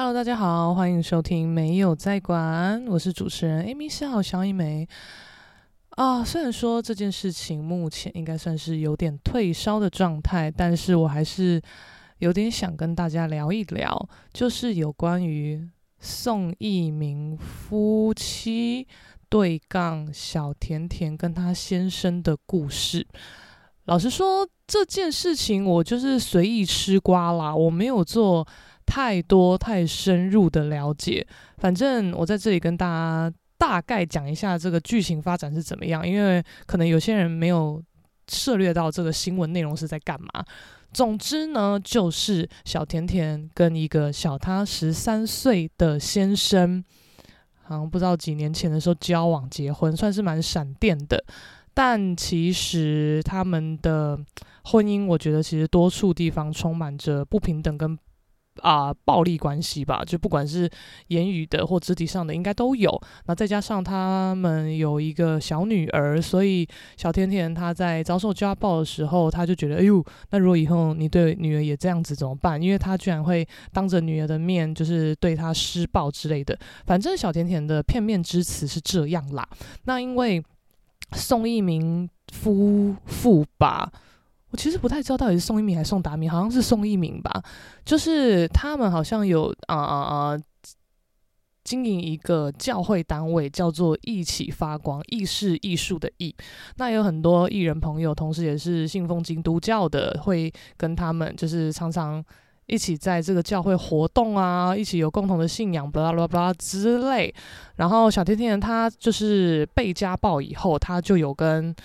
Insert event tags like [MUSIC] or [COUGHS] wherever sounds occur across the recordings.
Hello，大家好，歡迎收聽《沒有在管》，我是主持人 Amy 笑，蕭一梅。啊，雖然說這件事情目前應該算是有點退燒的狀態，但是我還是有點想跟大家聊一聊，就是有關於宋逸民夫妻對槓小甜甜跟他先生的故事。老實說，這件事情我就是隨意吃瓜啦，我沒有做。太多太深入的了解，反正我在這裡跟大家大概講一下這個劇情發展是怎麼樣，因為可能有些人沒有涉獵到這個新聞內容是在幹嘛。總之呢，就是小甜甜跟一個小她十三歲的先生，好像不知道幾年前的時候交往結婚，算是蠻閃電的。但其實他們的婚姻，我覺得其實多處地方充滿着不平等跟。啊，暴力關係吧，就不管是言語的或肢體上的，應該都有。那再加上他們有一個小女兒，所以小甜甜她在遭受家暴的時候，她就覺得，哎呦，那如果以後你對女兒也這樣子怎麼辦？因為他居然會當着女兒的面，就是對她施暴之類的。反正小甜甜的片面之詞是這樣啦。那因為宋一鳴夫婦吧。我其實不太知道到底是宋一明還是宋達明，好像是宋一明吧。就是他們好像有啊啊啊，經營一個教會單位，叫做“藝起發光”，藝是藝術的“藝”。那有很多藝人朋友，同時也是信奉基督教的，會跟他們就是常常一起在這個教會活動啊，一起有共同的信仰，巴拉巴拉巴拉之類。然後小甜甜她就是被家暴以後，她就有跟。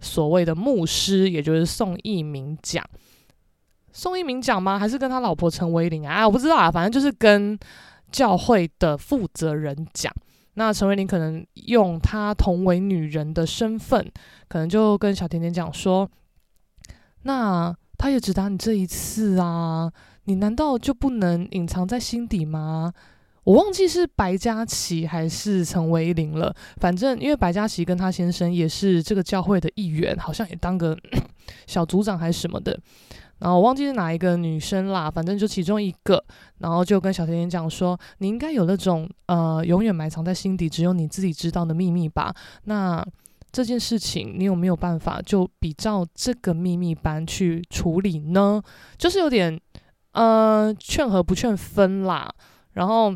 所謂的牧師，也就是宋一鳴講，宋一鳴講嗎？還是跟他老婆陳維齡啊、哎？我不知道啊，反正就是跟教會的負責人講。那陳維齡可能用她同為女人的身份，可能就跟小甜甜講說：“那他也只打你這一次啊，你難道就不能隱藏在心底嗎？”我忘記是白家綺還是陳偉玲了，反正因為白家綺跟她先生也是這個教會的一員，好像也當個 [COUGHS] 小組長還是什麼的。然後我忘記是哪一個女生啦，反正就其中一個。然後就跟小甜甜講說：“你應該有那種呃，永遠埋藏在心底、只有你自己知道的秘密吧？那這件事情你有沒有辦法就比照這個秘密般去處理呢？就是有點呃，勸和不勸分啦。然後。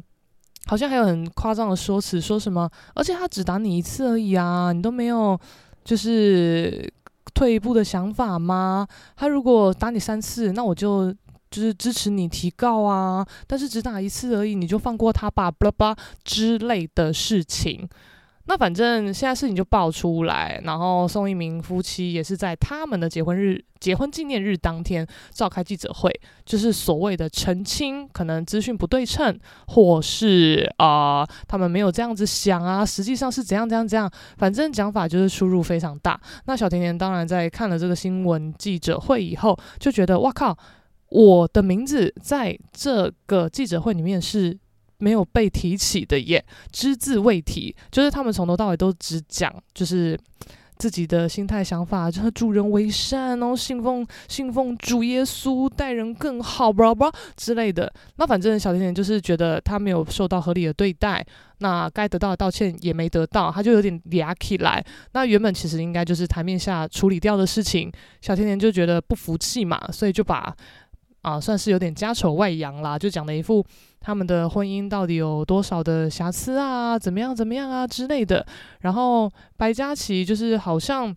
好像還有很誇張的說辭，說什麼？而且他只打你一次而已啊，你都沒有就是退一步的想法嗎？他如果打你三次，那我就就是支持你提告啊。但是只打一次而已，你就放過他吧，巴拉巴拉之類的事情。那反正現在事情就爆出來，然後宋一鳴夫妻也是在他們的結婚日、結婚紀念日當天召開記者會，就是所謂的澄清，可能資訊不對稱，或是啊、呃、他們沒有這樣子想啊，實際上是怎樣怎樣怎樣，反正講法就是出入非常大。那小甜甜當然在看了這個新聞記者會以後，就覺得哇靠，我的名字在這個記者會裡面是。沒有被提起的耶，只字未提。就是他們從頭到尾都只講，就是自己的心態想法，就是助人為善哦，然後信奉信奉主耶穌，待人更好，不知道不知道之類的。那反正小甜甜就是覺得他沒有受到合理的對待，那該得到的道歉也沒得到，他就有點嗲起來。那原本其實應該就是台面下處理掉的事情，小甜甜就覺得不服氣嘛，所以就把。啊，算是有點家醜外揚啦，就講了一副他們的婚姻到底有多少的瑕疵啊，怎麼樣怎麼樣啊之類的。然後白家綺就是好像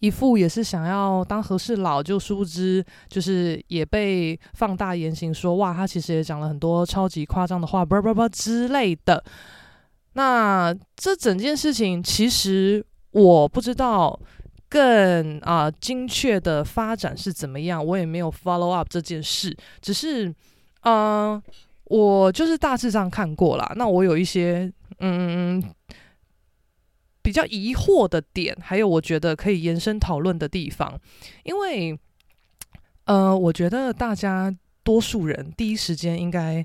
一副也是想要當和事佬，就殊不知就是也被放大言行說，說哇，他其實也講了很多超級誇張的話，不不不之類的。那這整件事情，其實我不知道。更啊、呃、精確的發展是怎麼樣？我也沒有 follow up 這件事，只是啊、呃，我就是大致上看過了。那我有一些嗯比較疑惑的點，還有我覺得可以延伸討論的地方，因為呃，我覺得大家多數人第一時間應該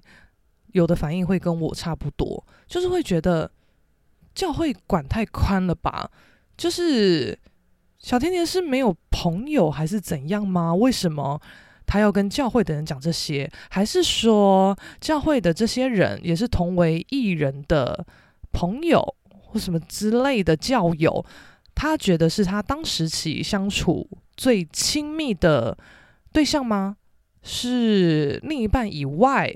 有的反應會跟我差不多，就是會覺得教會管太寬了吧，就是。小甜甜是沒有朋友還是怎樣嗎？為什麼他要跟教會的人講這些？還是說教會的這些人也是同為藝人的朋友或什麼之類的教友？他覺得是他當時期相處最親密的對象嗎？是另一半以外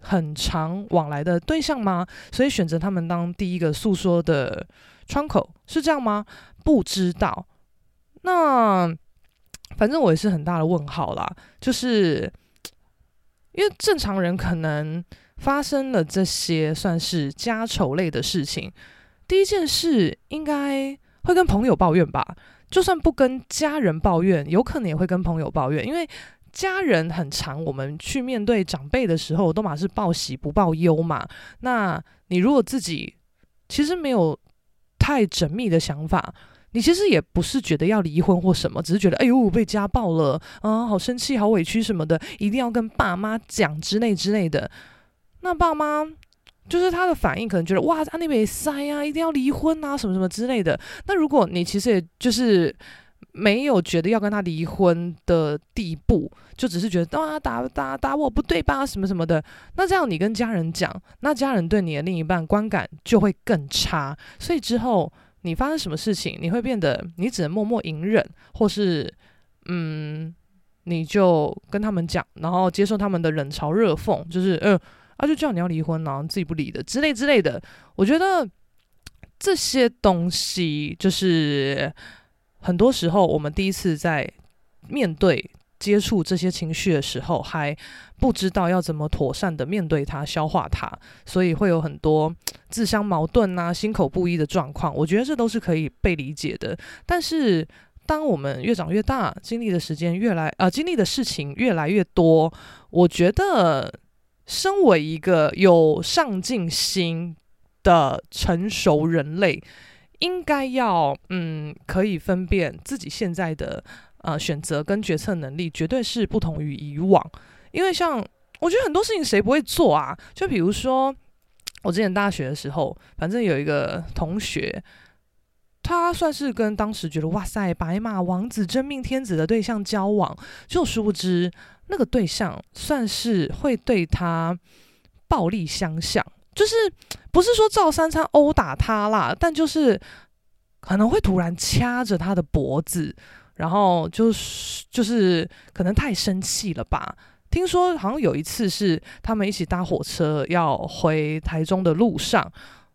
很常往來的對象嗎？所以選擇他們當第一個訴說的。窗口是這樣嗎？不知道。那反正我也是很大的問號啦。就是因為正常人可能發生了這些算是家醜類的事情，第一件事應該會跟朋友抱怨吧。就算不跟家人抱怨，有可能也會跟朋友抱怨，因為家人很常我們去面對長輩的時候都馬是報喜不報憂嘛。那你如果自己其實沒有。太縝密的想法，你其實也不是覺得要離婚或什麼，只是覺得哎呦被家暴了啊，好生氣，好委屈什麼的，一定要跟爸媽講之類之類的。那爸媽就是他的反應，可能覺得哇，啊、你沒北塞呀，一定要離婚啊，什麼什麼之類的。那如果你其實也就是。沒有覺得要跟他離婚的地步，就只是覺得啊，打打打我不對吧什麼什麼的。那這樣你跟家人講，那家人對你的另一半觀感就會更差。所以之後你發生什麼事情，你會變得你只能默默隱忍，或是嗯，你就跟他們講，然後接受他們的冷嘲熱諷，就是嗯啊，就叫你要離婚啊，然後自己不離的之類之類的。我覺得這些東西就是。很多時候，我們第一次在面對、接觸這些情緒的時候，還不知道要怎麼妥善的面對它、消化它，所以會有很多自相矛盾啊、心口不一的狀況。我覺得這都是可以被理解的。但是，當我們越長越大，經歷的時間越來啊、呃，經歷的事情越來越多，我覺得，身為一個有上進心的成熟人類。應該要嗯，可以分辨自己現在的呃選擇跟決策能力，絕對是不同於以往。因為像我覺得很多事情誰不會做啊？就比如說我之前大學的時候，反正有一個同學，他算是跟當時覺得哇塞白馬王子真命天子的對象交往，就殊不知那個對象算是會對他暴力相向。就是不是說照三餐毆打他啦，但就是可能會突然掐着他的脖子，然後就是就是可能太生氣了吧？聽說好像有一次是他們一起搭火車要回台中的路上，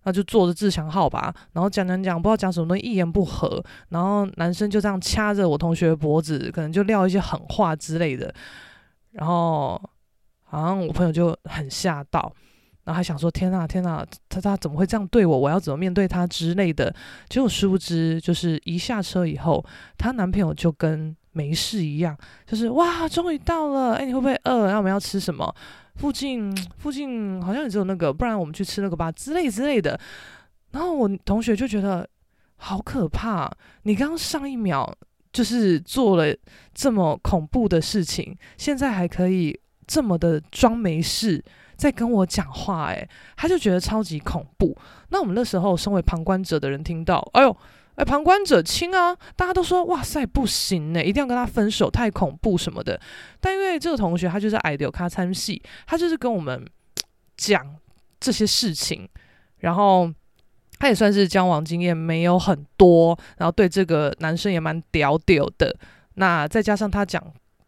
那就坐着自強號吧，然後講講講，不知道講什麼東西，一言不合，然後男生就這樣掐着我同學的脖子，可能就撂一些狠話之類的，然後好像我朋友就很嚇到。然後還想說天哪天哪，他他怎麼會這樣對我？我要怎麼面對他之類的？結果殊不知，就是一下車以後，她男朋友就跟沒事一樣，就是哇，終於到了，誒，你會不會餓？那我們要吃什麼？附近附近好像也只有那個，不然我們去吃那個吧，之類之類的。然後我同學就覺得好可怕，你剛剛上一秒就是做了這麼恐怖的事情，現在還可以這麼的裝沒事，在跟我講話、欸，哎，他就覺得超級恐怖。那我們那時候身為旁觀者的人聽到，哎呦，哎、欸，旁觀者清啊！大家都說，哇塞，不行呢、欸，一定要跟他分手，太恐怖什麼的。但因為這個同學他就是愛丟，有咖參戲，他就是跟我們講這些事情，然後他也算是交往經驗沒有很多，然後對這個男生也蠻屌屌的。那再加上他講。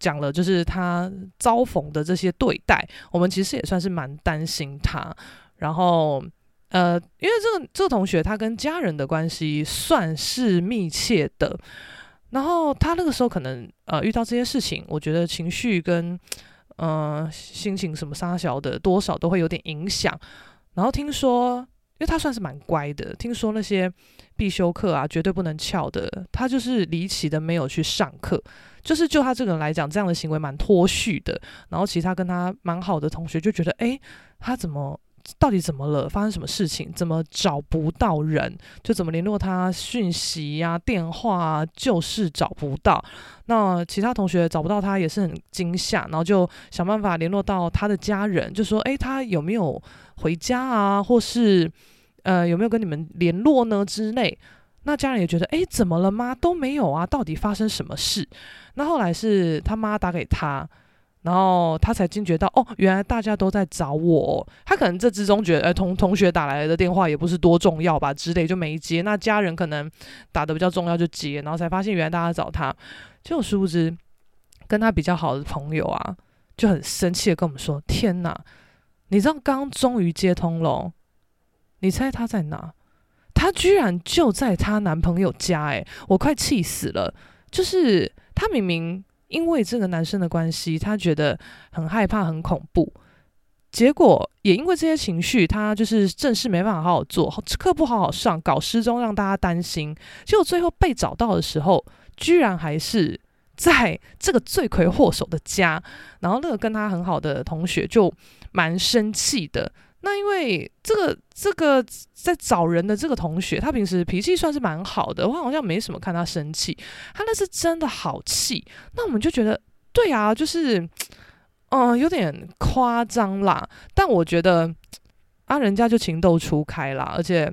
講了，就是他遭逢的這些對待，我們其實也算是蠻擔心他。然後，呃，因為這個這個同學他跟家人的關係算是密切的，然後他那個時候可能呃遇到這些事情，我覺得情緒跟嗯、呃、心情什麼沙小的，多少都會有點影響。然後聽說，因為他算是蠻乖的，聽說那些。必修課啊，絕對不能翹的。他就是離奇的沒有去上課，就是就他這個人來講這樣的行為蠻脫序的。然後其他跟他蠻好的同學就覺得，哎、欸，他怎麼到底怎麼了？發生什麼事情？怎麼找不到人？就怎麼聯絡他訊息啊、電話啊，就是找不到。那其他同學找不到他也是很驚嚇，然後就想辦法聯絡到他的家人，就說，哎、欸，他有沒有回家啊？或是呃，有沒有跟你們聯絡呢？之類，那家人也覺得，哎、欸，怎麼了嗎？都沒有啊，到底發生什麼事？那後來是他媽打給他，然後他才驚覺到，哦，原來大家都在找我、哦。他可能這之中覺得，欸、同同學打來的電話也不是多重要吧，之類就沒接。那家人可能打得比較重要就接，然後才發現原來大家找他，就殊不知跟他比較好的朋友啊，就很生氣地跟我們說：天哪，你知道剛終於接通了。你猜她在哪？她居然就在她男朋友家。欸！誒，我快氣死了。就是她明明因為這個男生的關係，她覺得很害怕、很恐怖。結果也因為這些情緒，她就是正事沒辦法好好做，課不好好上，搞失蹤讓大家擔心。結果最後被找到的時候，居然還是在這個罪魁禍首的家。然後那個跟她很好的同學就蠻生氣的。那因為這個這個在找人的這個同學，他平時脾氣算是蠻好的，我好像沒什麼看他生氣，他那是真的好氣。那我們就覺得，對啊，就是，嗯、呃，有點誇張啦。但我覺得，啊，人家就情竇初開啦，而且，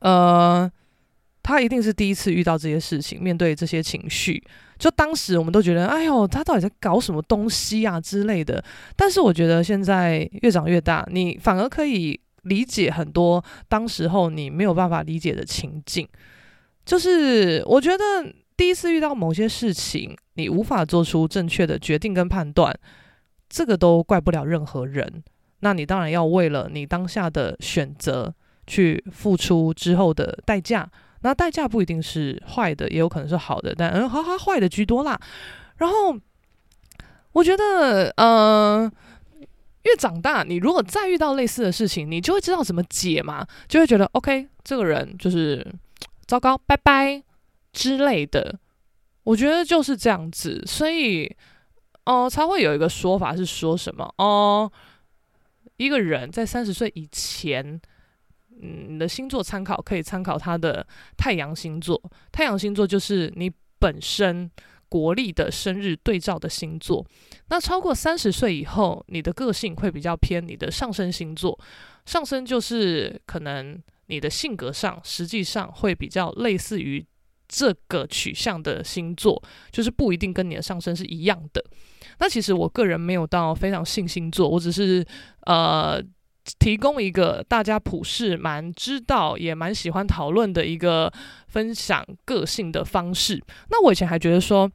呃。他一定是第一次遇到這些事情，面對這些情緒，就當時我們都覺得，哎呦，他到底在搞什麼東西啊之類的。但是我覺得現在越長越大，你反而可以理解很多當時候你沒有辦法理解的情境。就是我覺得第一次遇到某些事情，你無法做出正確的決定跟判斷，這個都怪不了任何人。那你當然要為了你當下的選擇去付出之後的代價。那代價不一定是壞的，也有可能是好的，但嗯，好好壞的居多啦。然後我覺得，嗯、呃，越長大，你如果再遇到類似的事情，你就會知道怎麼解嘛，就會覺得 OK，這個人就是糟糕，拜拜之類的。我覺得就是這樣子，所以哦，才、呃、會有一個說法是說什麼哦、呃，一個人在三十歲以前。嗯，你的星座參考可以參考他的太陽星座，太陽星座就是你本身國曆的生日對照的星座。那超過三十歲以後，你的個性會比較偏你的上升星座，上升就是可能你的性格上實際上會比較類似於這個取向的星座，就是不一定跟你的上升是一樣的。那其實我個人沒有到非常信星座，我只是呃。提供一個大家普世蠻知道也蠻喜歡討論的一個分享個性的方式。那我以前還覺得說，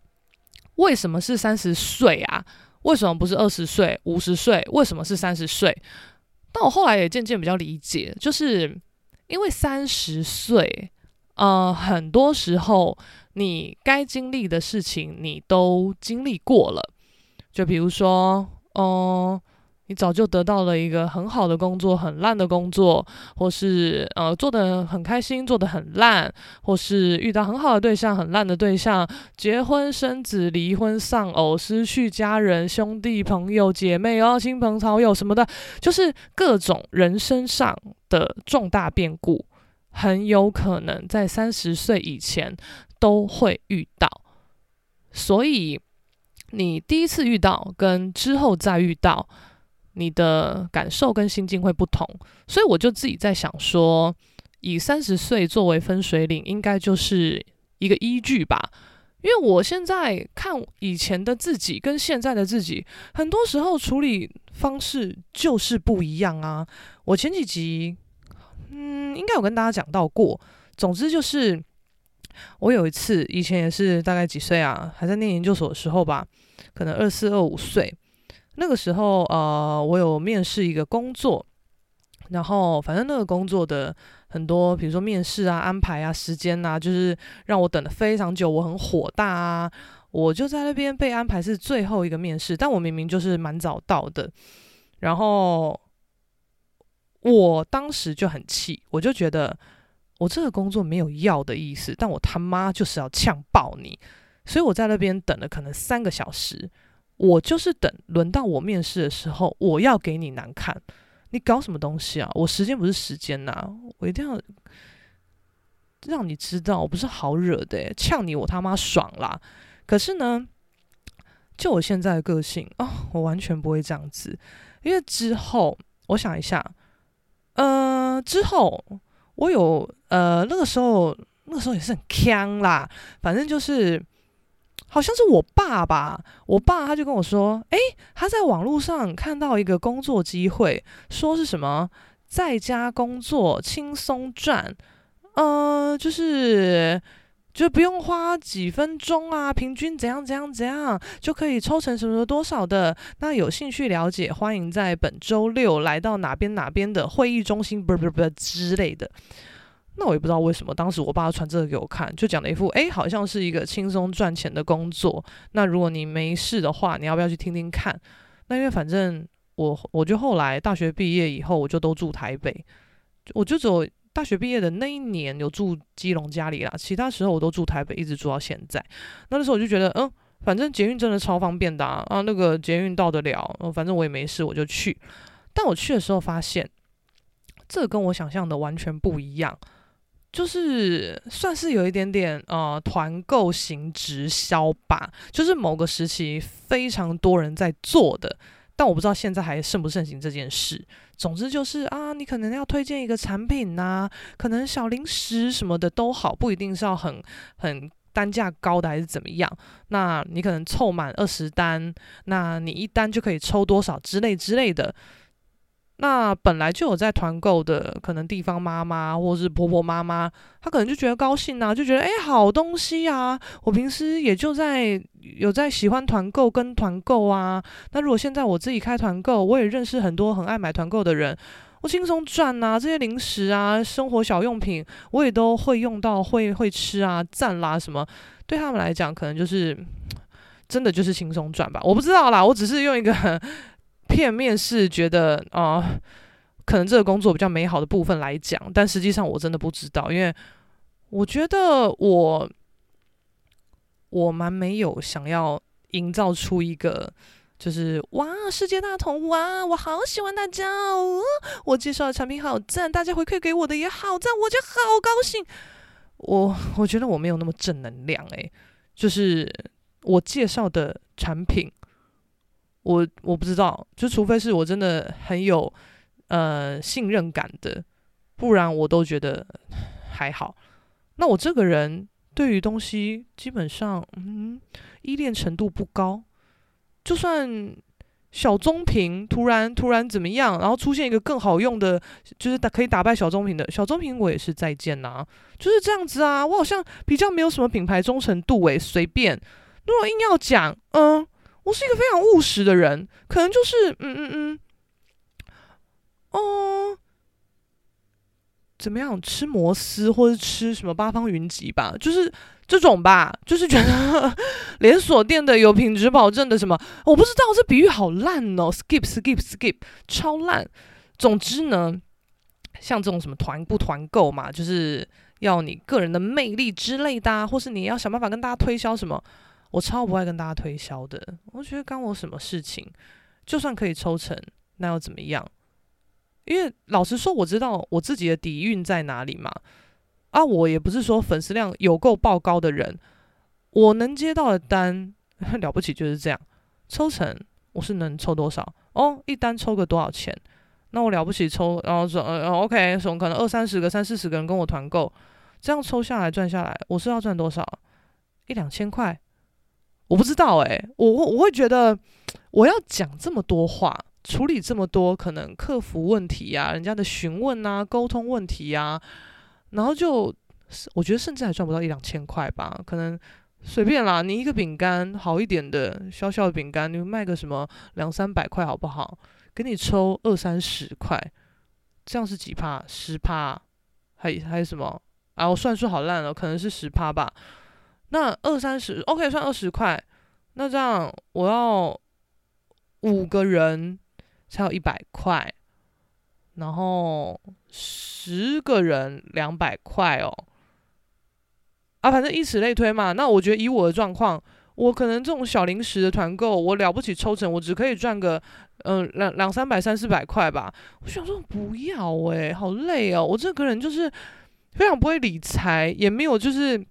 為什麼是三十歲啊？為什麼不是二十歲、五十歲？為什麼是三十歲？但我後來也漸漸比較理解，就是因為三十歲，嗯、呃，很多時候你該經歷的事情你都經歷過了。就比如說，嗯、呃。你早就得到了一個很好的工作，很爛的工作，或是呃做得很開心，做得很爛，或是遇到很好的對象，很爛的對象，結婚生子，離婚喪偶，失去家人、兄弟、朋友、姐妹哦，親朋好友什麼的，就是各種人生上的重大變故，很有可能在三十歲以前都會遇到。所以，你第一次遇到跟之後再遇到。你的感受跟心境會不同，所以我就自己在想說，以三十歲作為分水嶺，應該就是一個依據吧。因為我現在看以前的自己跟現在的自己，很多時候處理方式就是不一樣啊。我前幾集，嗯，應該有跟大家講到過。總之就是，我有一次，以前也是大概幾歲啊，還在念研究所的時候吧，可能二四二五歲。那個時候，呃，我有面試一個工作，然後反正那個工作的很多，比如說面試啊、安排啊、時間啊，就是讓我等了非常久，我很火大啊！我就在那邊被安排是最後一個面試，但我明明就是蠻早到的，然後我當時就很氣，我就覺得我這個工作沒有要的意思，但我他媽就是要嗆爆你，所以我在那邊等了可能三個小時。我就是等輪到我面試的時候，我要給你難看。你搞什麼東西啊？我時間不是時間吶、啊，我一定要讓你知道我不是好惹的、欸。嗆你，我他媽爽啦！可是呢，就我現在的個性哦，我完全不會這樣子。因為之後，我想一下，嗯、呃，之後我有呃，那個時候，那個時候也是很嗆啦，反正就是。好像是我爸吧，我爸他就跟我說，哎、欸，他在網絡上看到一個工作機會，說是什麼在家工作輕鬆賺，嗯、呃，就是就不用花幾分鐘啊，平均怎樣怎樣怎樣就可以抽成什麼什麼多少的。那有興趣了解，歡迎在本周六來到哪邊哪邊的會議中心，不是不是不是之類的。那我也不知道為什麼，當時我爸傳這個給我看，就講了一副，哎、欸，好像是一個輕鬆賺錢的工作。那如果你沒事的話，你要不要去聽聽看？那因為反正我，我就後來大學畢業以後，我就都住台北。我就只有大學畢業的那一年有住基隆家裡啦，其他時候我都住台北，一直住到現在。那個時候我就覺得，嗯，反正捷運真的超方便的啊，啊那個捷運到得了，反正我也沒事，我就去。但我去的時候發現，這個、跟我想象的完全不一樣。就是算是有一點點呃團購型直銷吧，就是某個時期非常多人在做的，但我不知道現在還盛不盛行這件事。總之就是啊，你可能要推薦一個產品吶、啊，可能小零食什麼的都好，不一定是要很很單價高的還是怎麼樣。那你可能湊滿二十單，那你一單就可以抽多少之類之類的。那本來就有在團購的，可能地方媽媽或者是婆婆媽媽，她可能就覺得高興啊，就覺得誒、欸，好東西啊！我平時也就在有在喜歡團購跟團購啊。那如果現在我自己開團購，我也認識很多很愛買團購的人，我輕鬆賺吶。這些零食啊、生活小用品，我也都會用到，會會吃啊、讚啦什麼。對他們來講，可能就是真的就是輕鬆賺吧。我不知道啦，我只是用一個。 [LAUGHS] 片面是覺得啊、呃，可能這個工作比較美好的部分來講，但實際上我真的不知道，因為我覺得我我蠻沒有想要營造出一個就是，哇，世界大同，哇，我好喜歡大家哦，我介紹的產品好讚，大家回饋給我的也好讚，我就好高興。我我覺得我沒有那麼正能量誒、欸，就是我介紹的產品。我我不知道，就除非是我真的很有呃信任感的，不然我都覺得還好。那我這個人對於東西基本上，嗯，依戀程度不高。就算小棕瓶突然突然怎麼樣，然後出現一個更好用的，就是打可以打敗小棕瓶的小棕瓶，我也是再見吶，啊，就是這樣子啊。我好像比較沒有什麼品牌忠誠度誒，隨便。如果硬要講，嗯。我是一個非常務實的人，可能就是嗯嗯嗯，哦，怎麼樣，吃摩斯或者吃什麼八方雲集吧，就是這種吧，就是覺得呵呵連鎖店的有品質保證的什麼，我不知道這比喻好爛哦，skip skip skip，超爛。總之呢，像這種什麼團不團購嘛，就是要你個人的魅力之類的啊，或是你要想辦法跟大家推銷什麼。我超不愛跟大家推銷的，我覺得幹我什麼事情，就算可以抽成，那又怎麼樣？因為老實說，我知道我自己的底蘊在哪裡嘛。啊，我也不是說粉絲量有夠爆高的人，我能接到的單了不起就是這樣。抽成我是能抽多少？哦，一單抽個多少錢？那我了不起抽，然後說，嗯、呃，OK，什麼可能二三十個、三四十個人跟我團購，這樣抽下來賺下來，我是要賺多少？一兩千塊。我不知道哎、欸，我我我會覺得我要講這麼多話，處理這麼多可能客服問題呀、啊、人家的詢問啊、溝通問題呀、啊，然後就我覺得甚至還賺不到一兩千塊吧，可能隨便啦。你一個餅乾好一點的小小的餅乾，你賣個什麼兩三百塊好不好？給你抽二三十塊，這樣是幾趴？十趴？還還有什麼？啊，我算數好爛了、喔，可能是十趴吧。那二三十，OK，算二十塊。那這樣我要五個人才有一百塊，然後十個人兩百塊哦。啊，反正以此類推嘛。那我覺得以我的狀況，我可能這種小零食的團購，我了不起抽成，我只可以賺個嗯，兩兩三百、三四百塊吧。我想說不要誒、欸，好累哦。我這個人就是非常不會理財，也沒有就是。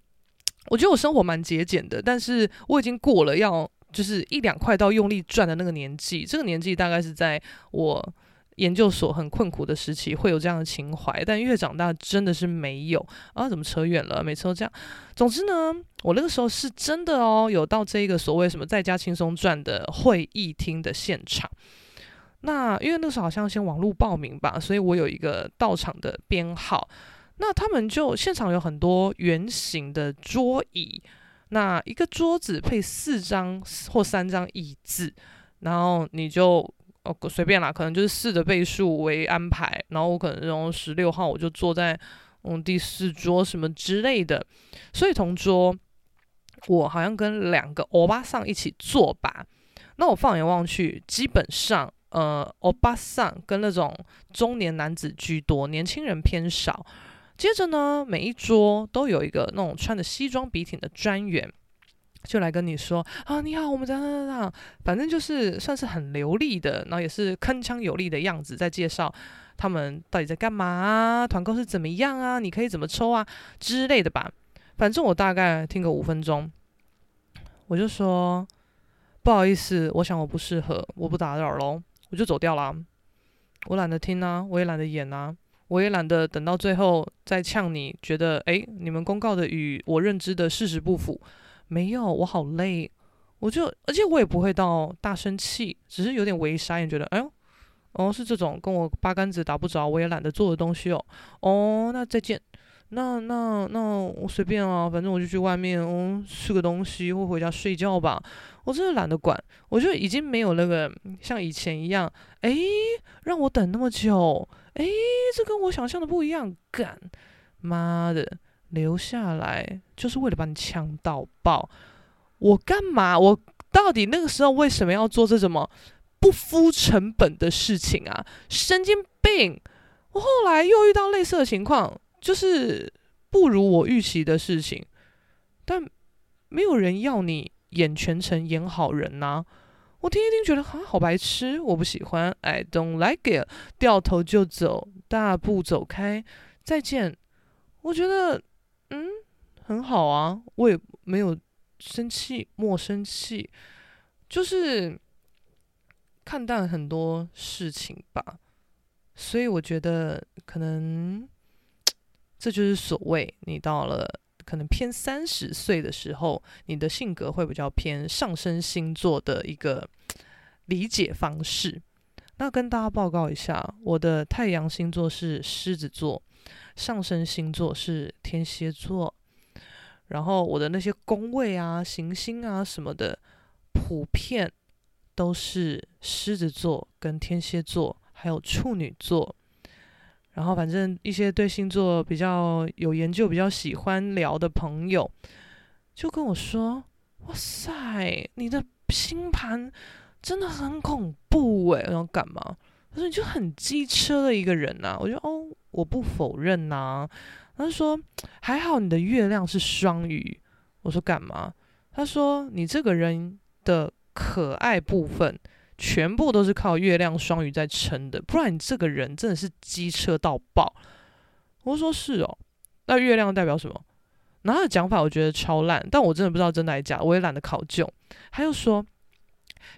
我覺得我生活蠻節儉的，但是我已經過了要就是一兩塊到用力賺的那個年紀。這個年紀大概是在我研究所很困苦的時期，會有這樣的情懷。但越長大真的是沒有啊！怎麼扯遠了？每次都這樣。總之呢，我那個時候是真的哦，有到這個所謂什麼在家輕鬆賺的會議廳的現場。那因為那個時候好像先網絡報名吧，所以我有一個到場的編號。那他們就現場有很多圓形的桌椅，那一個桌子配四張或三張椅子，然後你就哦，呃、隨便啦，可能就是四的倍數為安排。然後我可能用十六號我就坐在嗯第四桌什麼之類的，所以同桌我好像跟兩個歐巴桑一起坐吧。那我放眼望去，基本上呃歐巴桑跟那種中年男子居多，年輕人偏少。接着呢，每一桌都有一個那種穿着西裝筆挺的專員，就來跟你說啊，你好，我們講講講講，反正就是算是很流利的，然後也是鏗鏘有力的樣子，在介紹他們到底在幹嘛啊，團購是怎麼樣啊，你可以怎麼抽啊之類的吧。反正我大概聽個五分鐘，我就說，不好意思，我想我不適合，我不打擾咯，我就走掉了。我懶得聽啊，我也懶得演啊。我也懶得等到最後再嗆你，覺得哎，你們公告的與我認知的事實不符。沒有，我好累，我就而且我也不會到大生氣，只是有點微傻眼，你覺得哎喲哦是這種跟我八竿子打不着，我也懶得做的東西哦。哦，那再見，那那那我隨便啊，反正我就去外面、哦、吃個東西，或回家睡覺吧。我真的懶得管，我就已經沒有那個像以前一樣，哎，讓我等那麼久。誒、欸，這跟我想象的不一樣！幹，媽的，留下來就是為了把你嗆到爆！我幹嘛？我到底那個時候為什麼要做這什麼不敷成本的事情啊？神經病！我後來又遇到類似的情況，就是不如我預期的事情，但沒有人要你演全程演好人吶、啊。我聽一聽，覺得啊，好白痴，我不喜歡。I don't like it，掉頭就走，大步走開，再見。我覺得，嗯，很好啊，我也沒有生氣，莫生氣，就是看淡很多事情吧。所以我覺得，可能這就是所謂你到了。可能偏三十歲的時候，你的性格會比較偏上升星座的一個理解方式。那跟大家報告一下，我的太陽星座是獅子座，上升星座是天蠍座，然後我的那些宮位啊、行星啊什麼的，普遍都是獅子座跟天蠍座，還有處女座。然後反正一些對星座比較有研究、比較喜歡聊的朋友，就跟我說：“哇塞，你的星盤真的很恐怖欸！”我說：“幹嘛？”他說：“你就很機車的一個人吶。”我說：“哦，我不否認吶。”他說：“還好你的月亮是雙魚。”我說：“幹嘛？”他說：“你這個人的可愛部分。”全部都是靠月亮雙魚在撐的，不然你這個人真的是機車到爆。我說，是哦，那月亮代表什麼？然後他的講法我覺得超爛，但我真的不知道真的還是假的，我也懶得考究。他又說，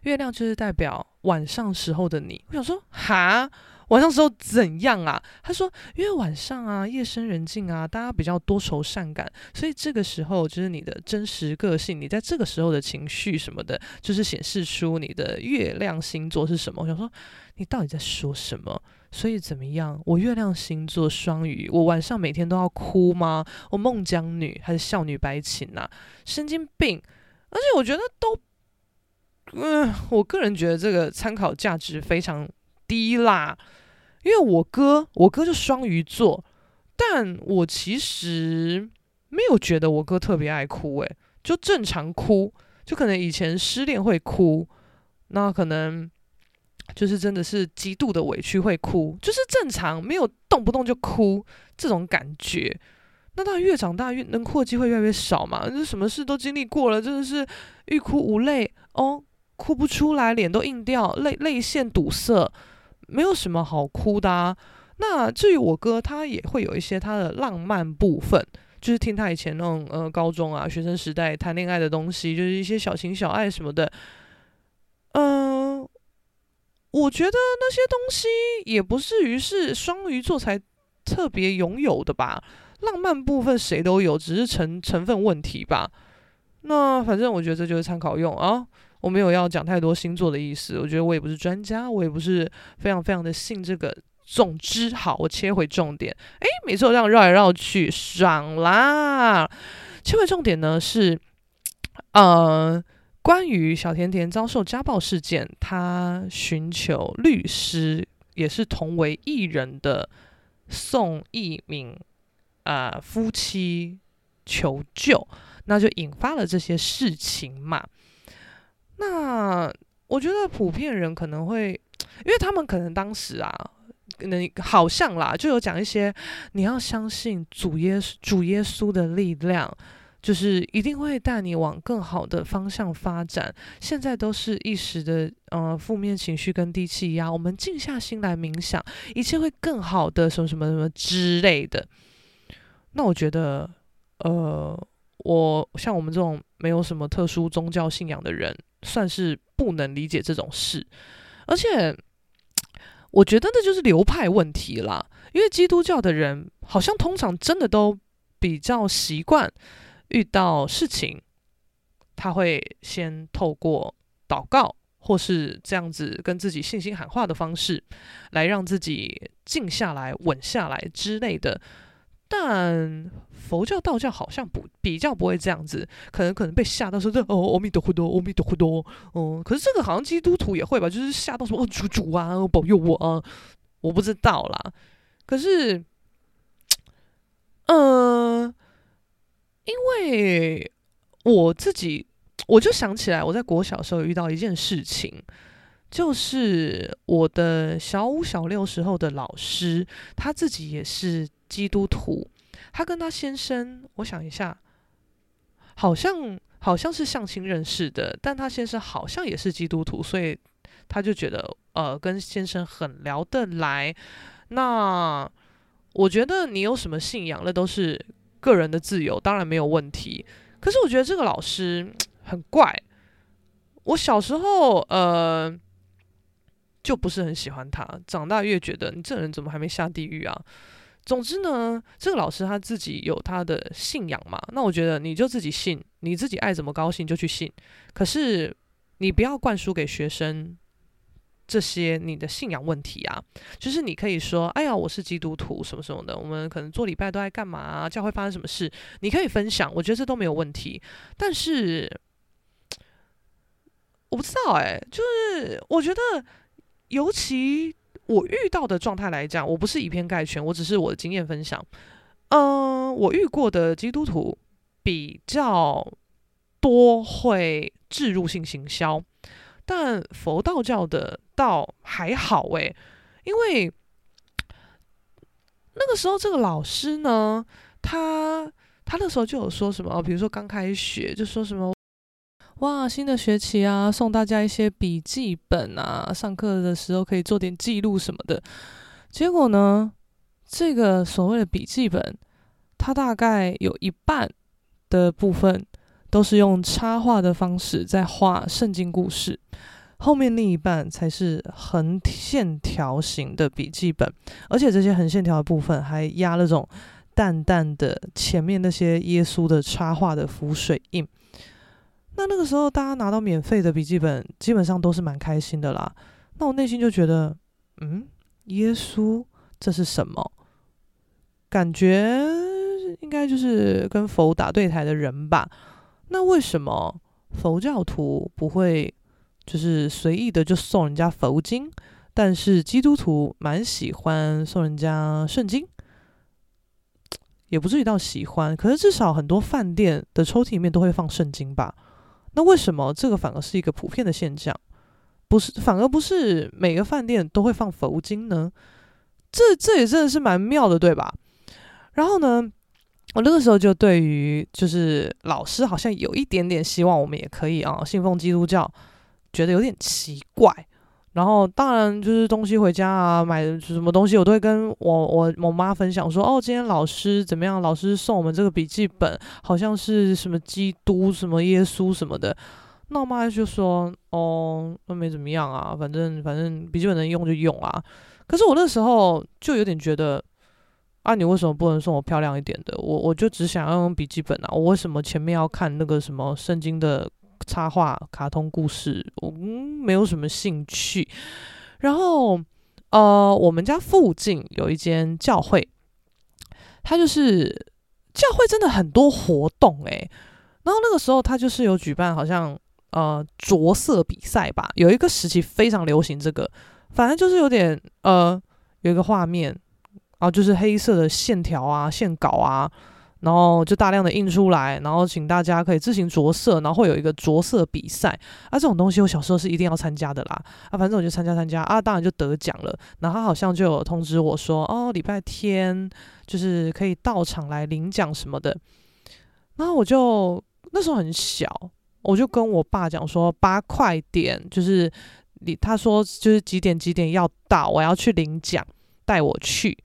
月亮就是代表晚上時候的你。我想說，哈。晚上的時候怎樣啊？他說，因為晚上啊，夜深人靜啊，大家比較多愁善感，所以這個時候就是你的真實個性，你在這個時候的情緒什麼的，就是顯示出你的月亮星座是什麼。我想說，你到底在說什麼？所以怎麼樣？我月亮星座雙魚，我晚上每天都要哭嗎？我孟姜女還是孝女白琴吶、啊？神經病！而且我覺得都，嗯、呃，我個人覺得這個參考價值非常低啦。因為我哥，我哥就雙魚座，但我其實沒有覺得我哥特別愛哭、欸，哎，就正常哭，就可能以前失戀會哭，那可能就是真的是極度的委屈會哭，就是正常，沒有動不動就哭這種感覺。那他越長大越能哭機會越來越少嘛，就什麼事都經歷過了，真的是欲哭無淚哦，哭不出來，臉都硬掉，淚淚腺堵塞。沒有什麼好哭的啊。那至於我哥，他也會有一些他的浪漫部分，就是聽他以前那種呃，高中啊，學生時代談戀愛的東西，就是一些小情小愛什麼的。嗯、呃，我覺得那些東西也不至於是雙魚座才特別擁有的吧。浪漫部分誰都有，只是成成分問題吧。那反正我覺得這就是參考用啊。我沒有要講太多星座的意思，我覺得我也不是專家，我也不是非常非常的信這個。總之，好，我切回重點。哎、欸，每次都這樣繞來繞去，爽啦！切回重點呢，是，呃，關於小甜甜遭受家暴事件，她尋求律師，也是同為藝人的宋逸民啊、呃、夫妻求救，那就引發了這些事情嘛。那我覺得普遍人可能會，因為他們可能當時啊，能好像啦，就有講一些你要相信主耶穌，主耶穌的力量，就是一定會帶你往更好的方向發展。現在都是一時的，嗯、呃，負面情緒跟低氣壓，我們靜下心來冥想，一切會更好的，什麼什麼什麼之類的。那我覺得，呃，我像我們這種沒有什麼特殊宗教信仰的人。算是不能理解這種事，而且我覺得那就是流派問題啦。因為基督教的人好像通常真的都比較習慣遇到事情，他會先透過禱告或是這樣子跟自己信心喊話的方式，來讓自己靜下來、穩下來之類的。但佛教、道教好像不比較不會這樣子，可能可能被嚇到說這哦，阿彌陀佛多，阿彌陀佛多，哦。可是這個好像基督徒也會吧，就是嚇到說哦，主主啊、哦，保佑我啊，我不知道啦。可是，嗯、呃，因為我自己，我就想起來我在國小的時候有遇到一件事情，就是我的小五、小六時候的老師，他自己也是。基督徒，他跟他先生，我想一下，好像好像是相親認識的，但他先生好像也是基督徒，所以他就覺得呃跟先生很聊得來。那我覺得你有什麼信仰那都是個人的自由，當然沒有問題。可是我覺得這個老師很怪，我小時候呃，就不是很喜歡他，長大越覺得你這人怎麼還沒下地獄啊？總之呢，這個老師他自己有他的信仰嘛，那我覺得你就自己信，你自己愛怎麼高興就去信。可是你不要灌輸給學生這些你的信仰問題啊，就是你可以說，哎呀，我是基督徒什麼什麼的，我們可能做禮拜都在幹嘛、啊，教會發生什麼事，你可以分享，我覺得這都沒有問題。但是我不知道、欸，哎，就是我覺得尤其。我遇到的狀態來講，我不是以偏概全，我只是我的經驗分享。嗯，我遇過的基督徒比較多會置入性行銷，但佛道教的倒還好。哎，因為那個時候這個老師呢，他他那時候就有說什麼，比如說剛開學就說什麼。哇，新的學期啊，送大家一些筆記本啊，上課的時候可以做點記錄什麼的。結果呢，這個所謂的筆記本，它大概有一半的部分都是用插畫的方式在畫聖經故事，後面另一半才是橫線條型的筆記本，而且這些橫線條的部分還壓了種淡淡的前面那些耶穌的插畫的浮水印。那那個時候，大家拿到免費的筆記本，基本上都是蠻開心的啦。那我內心就覺得，嗯，耶穌，這是什麼感覺？應該就是跟佛打對台的人吧？那為什麼佛教徒不會就是隨意的就送人家佛經，但是基督徒蠻喜歡送人家聖經？也不至於到喜歡，可是至少很多飯店的抽屜裡面都會放聖經吧？那為什麼這個反而是一個普遍的現象？不是，反而不是每個飯店都會放佛經呢？這這也真的是蠻妙的，對吧？然後呢，我那個時候就對於就是老師好像有一點點希望我們也可以啊，信奉基督教，覺得有點奇怪。然後當然就是東西回家啊，買什麼東西我都會跟我我我媽分享說，哦，今天老師怎麼樣？老師送我們這個筆記本，好像是什麼基督、什麼耶穌什麼的。那我媽就說，哦，都沒怎麼樣啊，反正反正筆記本能用就用啊。可是我那時候就有點覺得，啊，你為什麼不能送我漂亮一點的？我我就只想要用筆記本啊，我為什麼前面要看那個什麼聖經的？插畫、卡通故事，我嗯，沒有什麼興趣。然後，呃，我們家附近有一間教會，它就是教會，真的很多活動哎、欸。然後那個時候，他就是有舉辦好像呃着色比賽吧，有一個時期非常流行這個，反正就是有點呃有一個畫面啊、呃，就是黑色的線條啊、線稿啊。然後就大量的印出來，然後請大家可以自行着色，然後會有一個着色比賽。啊，這種東西我小時候是一定要參加的啦。啊，反正我就參加參加啊，當然就得獎了。然後他好像就有通知我說，哦，禮拜天就是可以到場來領獎什麼的。然後我就那時候很小，我就跟我爸講說，爸，快點，就是你他說就是幾點幾點要到，我要去領獎，帶我去。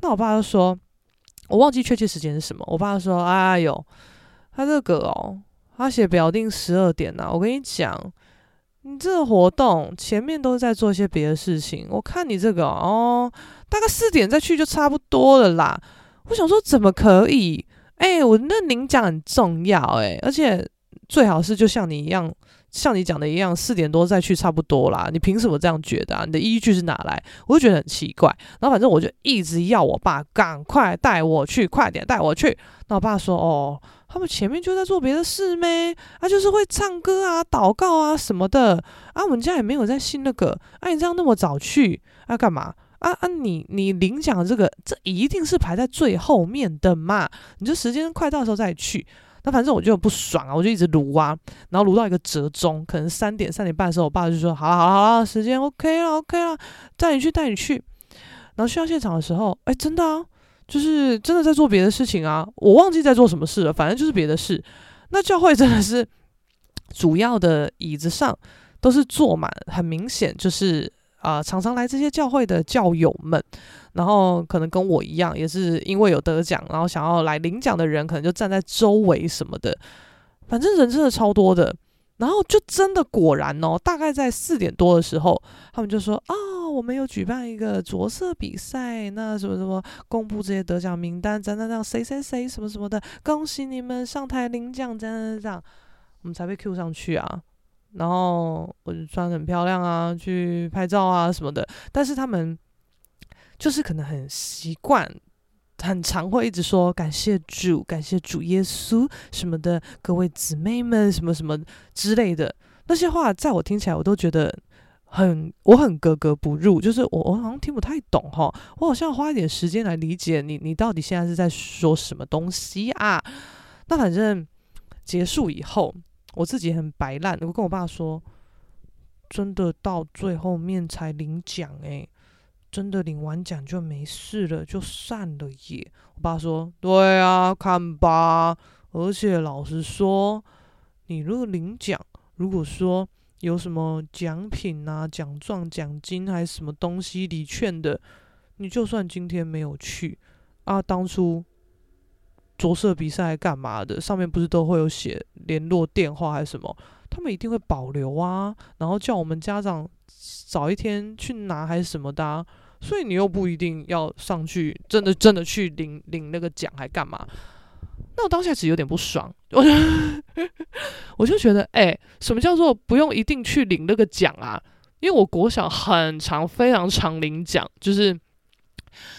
那我爸就說。我忘記確切時間是什麼。我爸說：“哎呦，他這個哦，他寫表定十二點呐、啊。我跟你講，你這個活動前面都在做一些別的事情。我看你這個哦，大概四點再去就差不多了啦。我想說，怎麼可以？哎、欸，我那領獎很重要、欸，哎，而且最好是就像你一樣。”像你講的一樣，四點多再去差不多啦。你憑什麼這樣覺得啊？你的依據是哪來？我就覺得很奇怪。然後反正我就一直要我爸趕快帶我去，快點帶我去。那我爸說，哦，他們前面就在做別的事咩？他，啊，就是會唱歌啊、禱告啊什麼的。啊，我們家也沒有在信那個。啊，你這樣那麼早去，啊幹嘛？啊啊，你你領獎這個，這一定是排在最後面的嘛？你就時間快到時候再去。那反正我就不爽啊，我就一直盧啊，然後盧到一個折中，可能三點三點半的時候，我爸就說：“好了好了好了，時間 OK 了 OK 了，帶你去帶你去。”然後去到現場的時候，哎，真的啊，就是真的在做別的事情啊，我忘記在做什麼事了，反正就是別的事。那教會真的是主要的椅子上都是坐滿，很明顯就是。啊、呃，常常來這些教會的教友們，然後可能跟我一樣，也是因為有得獎，然後想要來領獎的人，可能就站在周圍什麼的，反正人真的超多的。然後就真的果然哦，大概在四點多的時候，他們就說啊、哦，我們有舉辦一個着色比賽，那什麼什麼公布這些得獎名單，怎樣怎樣，誰誰誰什麼什麼的，恭喜你們上台領獎，怎樣怎樣，我們才被 Q 上去啊。然後我就穿很漂亮啊，去拍照啊什麼的。但是他們就是可能很習慣，很常會一直說感謝主，感謝主耶穌什麼的，各位姊妹們什麼什麼之類的那些話，在我聽起來我都覺得很我很格格不入，就是我我好像聽不太懂哈、哦，我好像花一點時間來理解你，你到底現在是在說什麼東西啊？那反正結束以後。我自己很白爛，我跟我爸說，真的到最後面才領獎誒、欸，真的領完獎就沒事了，就散了耶。我爸說，對啊，看吧。而且老實說，你如果領獎，如果說有什麼獎品啊、獎狀、獎金還是什麼東西、禮券的，你就算今天沒有去啊，當初。着色比賽還幹嘛的？上面不是都會有寫聯絡電話還是什麼？他們一定會保留啊，然後叫我們家長早一天去拿還是什麼的、啊。所以你又不一定要上去，真的真的去領領那個獎還幹嘛？那我當下其實有點不爽，我就， [LAUGHS] 我就覺得，哎、欸，什麼叫做不用一定去領那個獎啊？因為我國小很常非常常領獎，就是。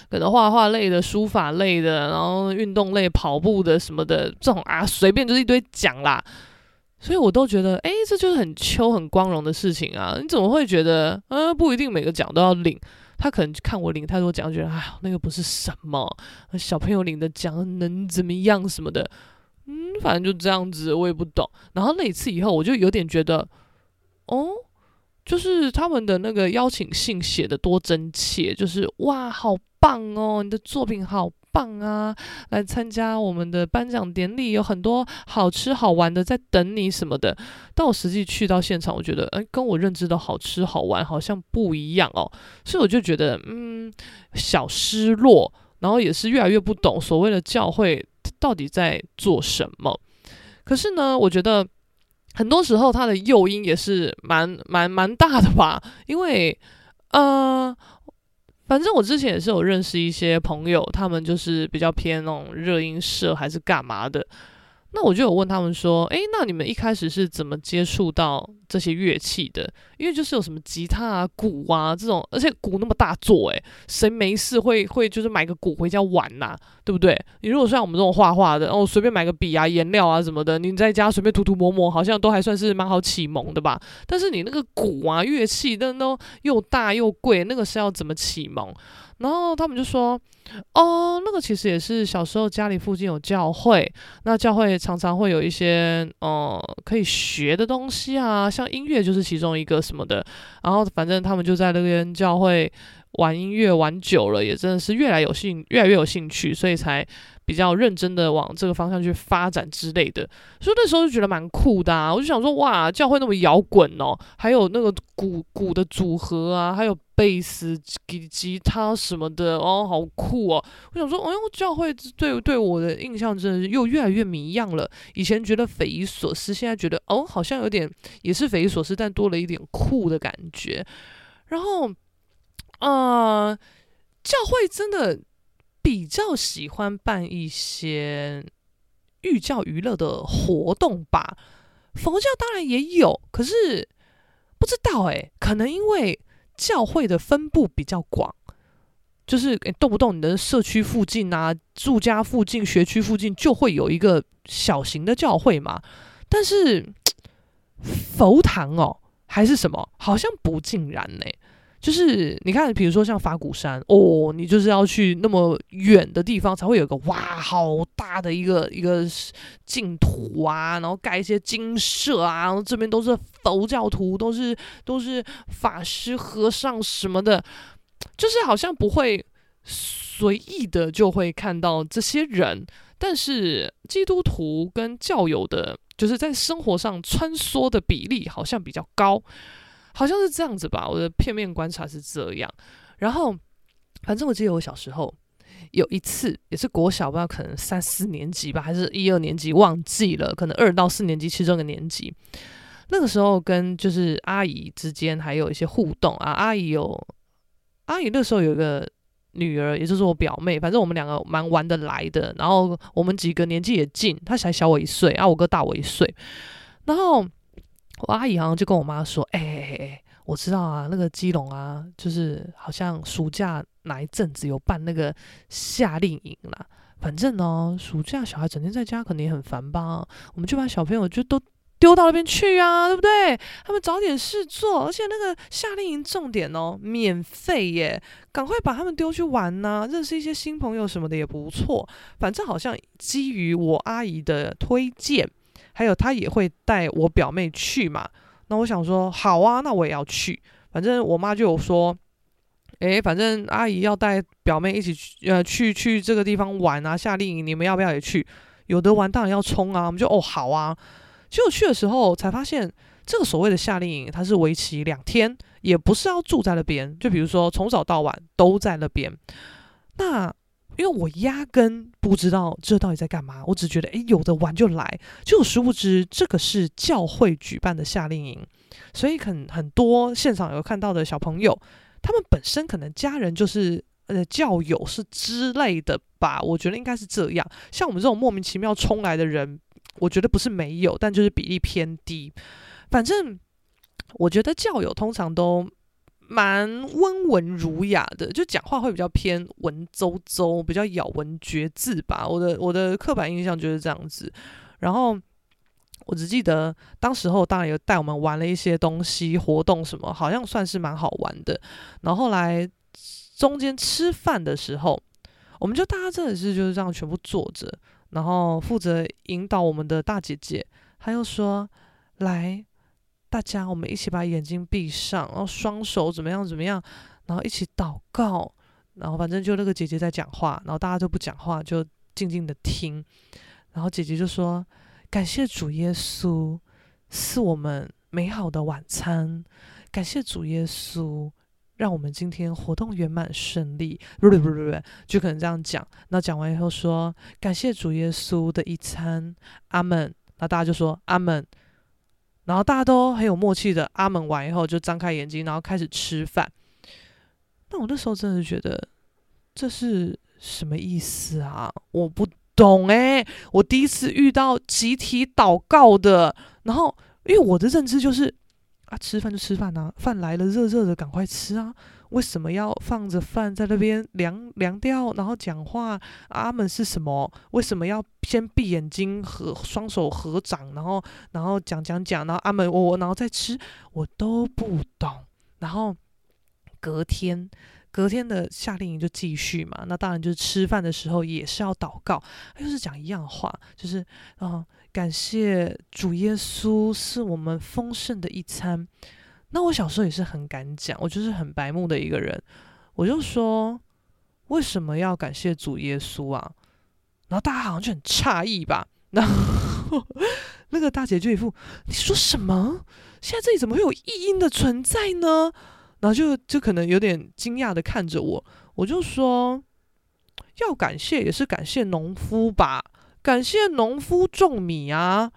可能畫畫類的、書法類的，然後運動類、跑步的什麼的，這種啊，隨便就是一堆獎啦。所以我都覺得，哎，這就是很秋很光榮的事情啊。你怎麼會覺得，呃，不一定每個獎都要領？他可能看我領太多獎，覺得哎，那個不是什麼小朋友領的獎，能怎麼樣什麼的？嗯，反正就這樣子，我也不懂。然後那一次以後，我就有點覺得，哦。就是他們的那個邀請信寫得多真切，就是哇，好棒哦，你的作品好棒啊，來參加我們的頒獎典禮，有很多好吃好玩的在等你什麼的。但我實際去到現場，我覺得，哎，跟我認知的好吃好玩好像不一樣哦，所以我就覺得，嗯，小失落，然後也是越來越不懂所謂的教會到底在做什麼。可是呢，我覺得。很多時候，它的誘因也是蠻蠻蠻，蠻大的吧，因為，呃，反正我之前也是有認識一些朋友，他們就是比較偏那種熱音社還是幹嘛的。那我就有問他們說，誒，那你們一開始是怎麼接觸到這些樂器的？因為就是有什麼吉他啊、鼓啊這種，而且鼓那麼大座。誒，誰沒事會會就是買個鼓回家玩吶、啊？對不對？你如果像我們這種畫畫的，然後，哦，隨便買個筆啊、顏料啊什麼的,你在家隨便塗塗抹抹，好像都還算是蠻好啟蒙的吧？但是你那個鼓啊、樂器，那都又大又貴，那個是要怎麼啟蒙？然後他們就說，哦，那個其實也是小時候家裡附近有教會，那教會常常會有一些，哦，呃，可以學的東西啊，像音樂就是其中一個什麼的。然後反正他們就在那邊教會。玩音樂玩久了，也真的是越來有興，越來越有興趣，所以才比較認真的往這個方向去發展之類的。所以那時候就覺得蠻酷的啊，我就想說，哇，教會那麼搖滾哦，還有那個鼓鼓的組合啊，還有貝斯以吉他什麼的哦，好酷哦！我想說，哎、哦、呦，教會對對我的印象真的是又越來越謎樣了。以前覺得匪夷所思，現在覺得哦，好像有點也是匪夷所思，但多了一點酷的感覺。然後。呃、嗯，教會真的比較喜歡辦一些寓教於樂的活動吧。佛教當然也有，可是不知道哎、欸，可能因為教會的分布比較廣，就是動不動你的社區附近啊、住家附近、學區附近就會有一個小型的教會嘛。但是佛堂哦，還是什麼，好像不盡然呢、欸。就是你看，比如說像法鼓山哦，你就是要去那麼遠的地方，才會有個哇，好大的一個一個淨土啊，然後蓋一些精舍啊，然後這邊都是佛教徒，都是都是法師、和尚什麼的，就是好像不會隨意的就會看到這些人，但是基督徒跟教友的，就是在生活上穿梭的比例好像比較高。好像是這樣子吧，我的片面觀察是這樣。然後，反正我記得我小時候有一次，也是國小吧，可能三四年級吧，還是一二年級，忘記了，可能二到四年級其中一個年級。那個時候跟就是阿姨之間還有一些互動啊，阿姨有，阿姨那時候有一個女兒，也就是我表妹，反正我們兩個蠻玩得來的。然後我們幾個年紀也近，她才小，小我一歲，啊，我哥大我一歲，然後。我阿姨好像就跟我媽說：“哎哎哎哎，我知道啊，那個基隆啊，就是好像暑假哪一陣子有辦那個夏令營啦。反正呢，暑假小孩整天在家肯定很煩吧，我們就把小朋友就都丟到那邊去啊，對不對？他們找點事做，而且那個夏令營重點哦，免費耶，趕快把他們丟去玩吶，認識一些新朋友什麼的也不錯。反正好像基於我阿姨的推薦。”還有他也會帶我表妹去嘛，那我想說好啊，那我也要去。反正我媽就有說：“欸，反正阿姨要帶表妹一起去，呃，去去這個地方玩啊，夏令營，你們要不要也去？有的玩當然要衝啊。”我們就哦好啊。結果去的時候才發現，這個所謂的夏令營，它是為期兩天，也不是要住在那邊。就比如說從早到晚都在那邊，那。因為我壓根不知道這到底在幹嘛，我只覺得誒，有的玩就來，就殊不知這個是教會舉辦的夏令營，所以很很多現場有看到的小朋友，他們本身可能家人就是呃教友是之類的吧，我覺得應該是這樣。像我們這種莫名其妙衝來的人，我覺得不是沒有，但就是比例偏低。反正我覺得教友通常都。蠻溫文儒雅的，就講話會比較偏文縐縐，比較咬文嚼字吧。我的我的刻板印象就是這樣子。然後我只記得當時候，當然有帶我們玩了一些東西、活動什麼，好像算是蠻好玩的。然後後來中間吃飯的時候，我們就大家真的是就是這樣全部坐着，然後負責引導我們的大姐姐，她又說來，大家，我們一起把眼睛閉上，然後雙手怎麼樣怎麼樣，然後一起禱告，然後反正就那個姐姐在講話，然後大家就不講話，就靜靜地聽。然後姐姐就說：“感謝主耶穌，是我們美好的晚餐。感謝主耶穌，讓我們今天活動圓滿順利。”嗯。就可能這樣講。那講完以後說：“感謝主耶穌的一餐，阿門。”那大家就說：“阿門。”然後大家都很有默契的阿門完以後就張開眼睛，然後開始吃飯。但我那時候真的是覺得這是什麼意思啊？我不懂欸！我第一次遇到集體禱告的，然後因為我的認知就是啊，吃飯就吃飯吶，飯來了熱熱的趕快吃啊。為什麼要放着飯在那邊涼涼掉，然後講話？阿門是什麼？為什麼要先閉眼睛和雙手合掌，然後然後講講講，然後阿門、啊，我我然後再吃，我都不懂。然後隔天，隔天的夏令營就繼續嘛。那當然就是吃飯的時候也是要禱告，又是講一樣話，就是啊、嗯，感謝主耶穌，是我們豐盛的一餐。那我小時候也是很敢講，我就是很白目的一個人，我就說，為什麼要感謝主耶穌啊？然後大家好像就很詫異吧，然後那個大姐就一副你說什麼？現在這裡怎麼會有異音的存在呢？然後就就可能有點驚訝的看着我，我就說，要感謝也是感謝農夫吧，感謝農夫種米啊，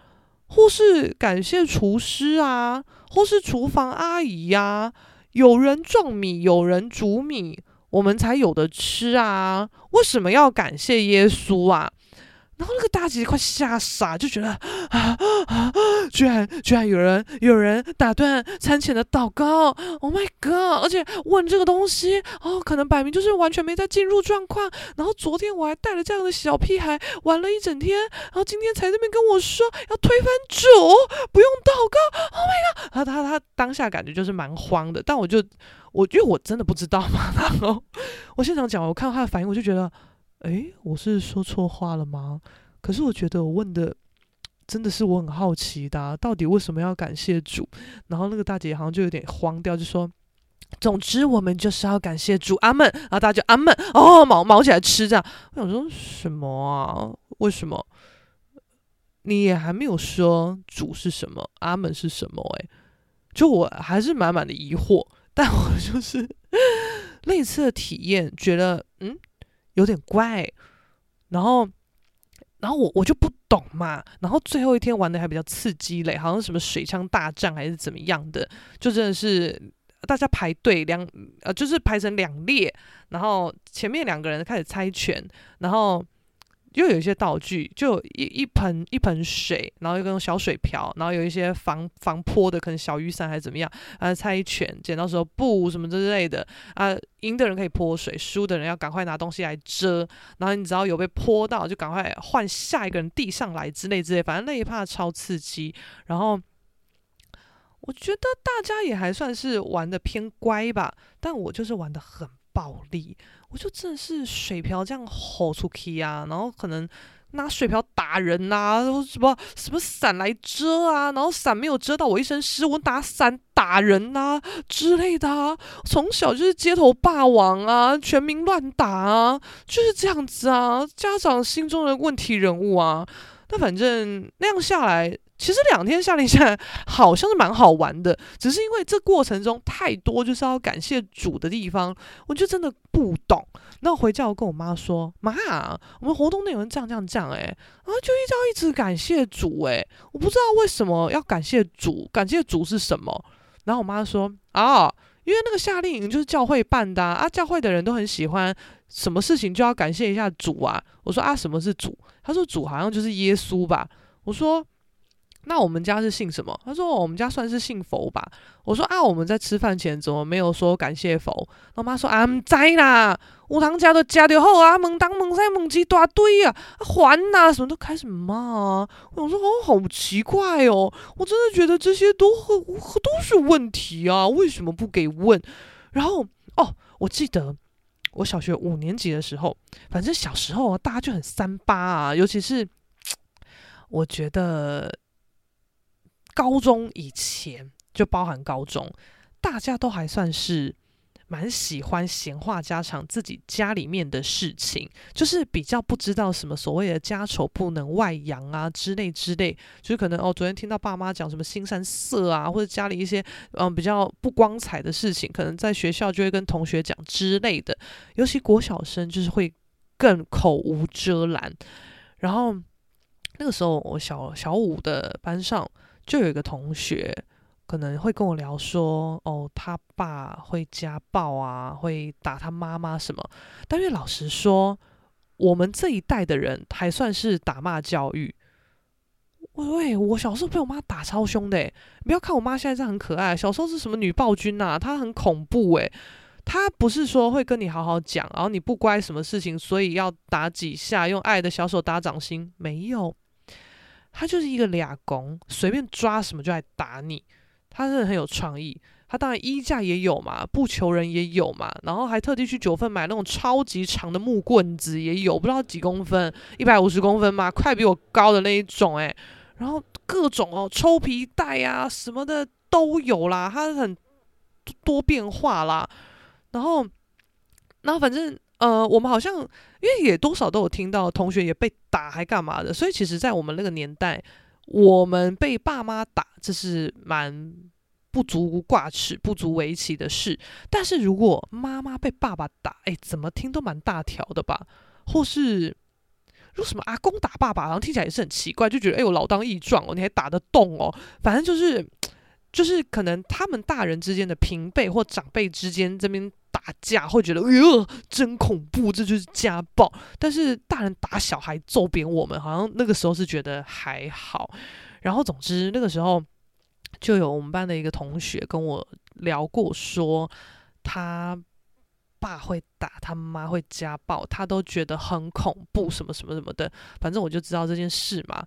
或是感謝廚師啊。或是廚房阿姨呀、啊，有人種米，有人煮米，我們才有的吃啊！為什麼要感謝耶穌啊？然後那個大姐快嚇傻，就覺得啊啊，居然，居然有人有人，打斷餐前的禱告，Oh my god！而且問這個東西，哦，可能擺明就是完全沒在進入狀況。然後昨天我還帶了這樣的小屁孩玩了一整天，然後今天才那邊跟我說要推翻主，不用禱告，Oh my god！然後他他，他當下感覺就是蠻慌的，但我就我因為我真的不知道嘛，然後我現場講，我看到他的反應，我就覺得。誒，我是說錯話了嗎？可是我覺得我問的真的是我很好奇的，啊，到底為什麼要感謝主？然後那個大姐好像就有點慌掉，就說：“總之我們就是要感謝主，阿門。”然後大家就阿門，哦，毛毛起來吃這樣。我想說什麼啊？為什麼？你也還沒有說主是什麼，阿門是什麼，欸？誒，就我還是滿滿的疑惑。但我就是類似 [LAUGHS] 的體驗，覺得嗯。有點怪，然後，然後我我就不懂嘛，然後最後一天玩得還比較刺激嘞，好像什麼水槍大戰還是怎麼樣的，就真的是大家排隊兩呃，就是排成兩列，然後前面兩個人開始猜拳，然後。又有一些道具，就有一一盆一盆水，然後一根小水瓢，然後有一些防防潑的，可能小雨傘還是怎麼樣，啊，猜一拳，剪刀石頭布什麼之類的，啊，贏的人可以潑水，輸的人要趕快拿東西來遮，然後你只要有被潑到，就趕快換下一個人遞上來之類之類，反正那一趴超刺激。然後我覺得大家也還算是玩的偏乖吧，但我就是玩的很暴力。我就真的是水瓢這樣吼出去啊，然後可能拿水瓢打人吶、啊，什麼什麼傘來遮啊，然後傘沒有遮到我一身濕，我拿傘打人吶、啊、之類的啊，從小就是街頭霸王啊，全民亂打啊，就是這樣子啊，家長心中的問題人物啊，那反正那樣下來。其實兩天夏令下來好像是蠻好玩的，只是因為這過程中太多就是要感謝主的地方，我就真的不懂。那回家我跟我媽說：“媽，我們活動內容這樣這樣這樣，欸，哎，然後就一直要一直感謝主，欸，哎，我不知道為什麼要感謝主，感謝主是什麼？”然後我媽說：“啊，哦，因為那個夏令營就是教會辦的啊，啊，教會的人都很喜歡，什麼事情就要感謝一下主啊。”我說：“啊，什麼是主？”她說：“主好像就是耶穌吧。”我說。那我們家是信什麼？他說、哦、我們家算是信佛吧。我說啊，我們在吃飯前怎麼沒有說感謝佛？我媽說啊，在啦，我堂家都吃着後啊，問東問西問一大堆呀、啊，還哪、啊、什麼都開始罵啊。我說哦，好奇怪哦，我真的覺得這些都都是問題啊，為什麼不給問？然後哦，我記得我小學五年級的時候，反正小時候啊，大家就很三八啊，尤其是我覺得。高中以前就包含高中，大家都還算是蠻喜歡閒話家常，自己家裡面的事情，就是比較不知道什麼所謂的家醜不能外揚啊之類之類，就是可能哦，昨天聽到爸媽講什麼心酸色啊，或者家裡一些嗯比較不光彩的事情，可能在學校就會跟同學講之類的，尤其國小生就是會更口無遮攔，然後那個時候我小小五的班上。就有一個同學可能會跟我聊說，哦，他爸會家暴啊，會打他媽媽什麼？但是老實說，我們這一代的人還算是打罵教育。喂喂，我小時候被我媽打超凶的欸，不要看我媽現在這樣很可愛，小時候是什麼女暴君吶、啊？她很恐怖誒、欸。她不是說會跟你好好講，然後你不乖什麼事情，所以要打幾下，用愛的小手打掌心，沒有。他就是一個倆拱，隨便抓什麼就來打你。他是很有創意，他當然衣架也有嘛，不求人也有嘛，然後還特地去九份買那種超級長的木棍子也有，不知道幾公分，一百五十公分嘛，快比我高的那一種哎、欸。然後各種哦，抽皮帶啊什麼的都有啦，他是很多，多變化啦。然後，然後反正。呃，我們好像因為也多少都有聽到同學也被打還幹嘛的，所以其實，在我們那個年代，我們被爸媽打這是蠻不足掛齒、不足為奇的事。但是如果媽媽被爸爸打，哎，怎麼聽都蠻大條的吧？或是如果什麼阿公打爸爸，好像聽起來也是很奇怪，就覺得哎呦老當益壯哦，你還打得動哦，反正就是就是可能他們大人之間的平輩或長輩之間這邊。打架會覺得，呃，真恐怖，這就是家暴。但是大人打小孩，揍扁我們，好像那個時候是覺得還好。然後總之那個時候，就有我們班的一個同學跟我聊過說，說他爸會打，他媽會家暴，他都覺得很恐怖，什麼什麼什麼的。反正我就知道這件事嘛。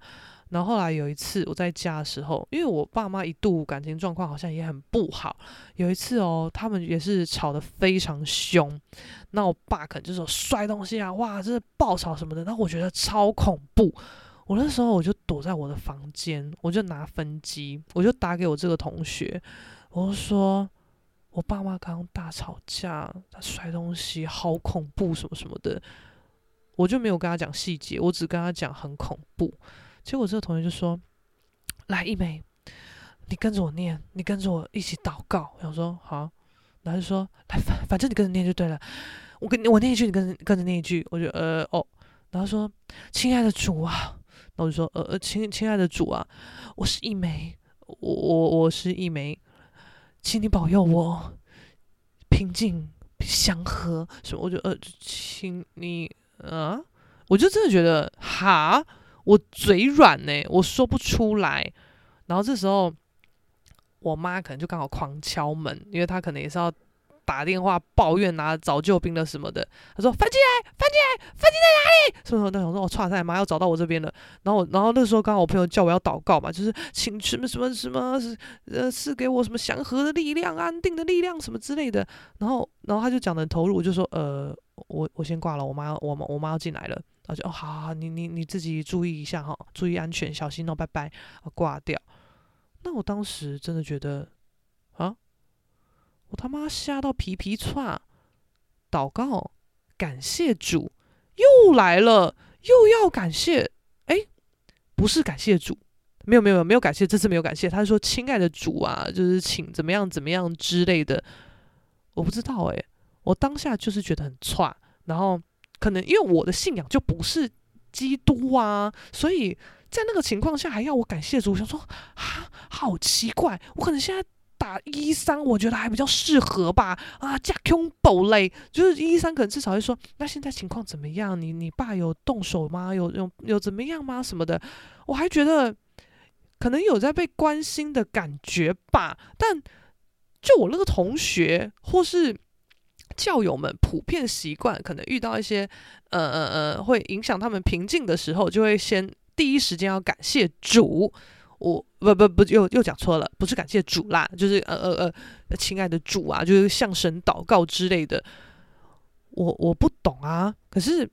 然後後來有一次我在家的時候，因為我爸媽一度感情狀況好像也很不好。有一次哦，他們也是吵得非常凶。那我爸可能就說摔東西啊，哇，這是爆吵什麼的。那我覺得超恐怖。我那時候我就躲在我的房間，我就拿分機，我就打給我這個同學，我就說我爸媽剛剛大吵架，他摔東西，好恐怖什麼什麼的。我就沒有跟他講細節，我只跟他講很恐怖。結果這個同學就說：“來，一梅，你跟着我念，你跟着我一起禱告。”然後說：“好。”然後就說：“來，反反正你跟着念就對了。我跟我念一句，你跟着跟着念一句。”我就呃哦，然後說：“親愛的主啊。”然後我就說：“呃呃，親親愛的主啊，我是一枚，我我是一枚，請你保佑我平靜祥和。”所以我就呃，請你啊，我就真的覺得哈。我嘴軟呢、欸，我說不出來。然後這時候，我媽可能就剛好狂敲門，因為她可能也是要打電話抱怨拿、拿找救兵的什麼的。她說：“ [NOISE] 翻起來，翻起來，翻起來哪裡？”所以我在想說，說我操，他媽要找到我這邊了。然後，然後那時候剛好我朋友叫我要禱告嘛，就是請什麼什麼什麼，呃，賜給我什麼祥和的力量、安定的力量什麼之類的。然後，然後她就講的投入，我就說：“呃，我我先掛了，我媽，我媽，我媽要進來了。”然後、啊、就哦，好好好，你你你自己注意一下哈、哦，注意安全，小心哦，拜拜，啊，掛掉。那我當時真的覺得啊，我他媽嚇到皮皮剉。禱告，感謝主，又來了，又要感謝，哎，不是感謝主，沒有沒有沒有感謝，這次沒有感謝。他就說親愛的主啊，就是請怎麼樣怎麼樣之類的，我不知道哎、欸，我當下就是覺得很剉，然後。可能因為我的信仰就不是基督啊，所以在那個情況下還要我感謝主，我想說，啊，好奇怪，我可能現在打113，我覺得還比較適合吧。啊，加 Q 爆料，就是113，可能至少會說，那現在情況怎麼樣？你你爸有動手嗎？有有有怎麼樣嗎？什麼的，我還覺得可能有在被關心的感覺吧。但就我那個同學，或是。教友們普遍習慣，可能遇到一些呃呃呃，會影響他們平靜的時候，就會先第一時間要感謝主。我不不不，又又講錯了，不是感謝主啦，就是呃呃呃，親愛的主啊，就是向神禱告之類的。我我不懂啊，可是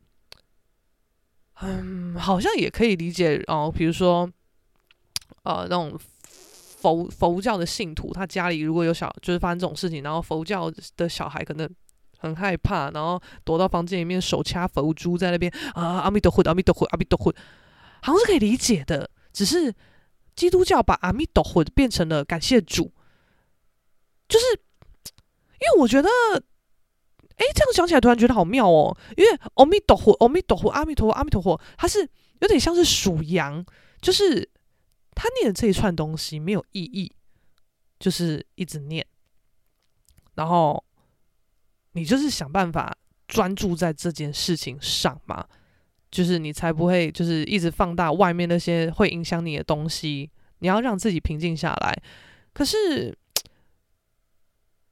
嗯，好像也可以理解哦，比如說，呃、哦，那種佛佛教的信徒，他家裡如果有小，就是發生這種事情，然後佛教的小孩可能，很害怕，然後躲到房間裡面，手掐佛珠在那邊啊，阿彌陀佛阿彌陀佛阿彌陀佛，好像是可以理解的。只是基督教把阿彌陀佛變成了感謝主，就是因為我覺得，哎，這樣想起來突然覺得好妙哦。因為阿彌陀佛阿彌陀佛阿彌陀佛阿彌陀佛，他是有點像是數羊，就是他念的這一串東西沒有意義，就是一直念，然後。你就是想辦法專注在這件事情上嘛，就是你才不會就是一直放大外面那些會影響你的東西。你要讓自己平靜下來。可是，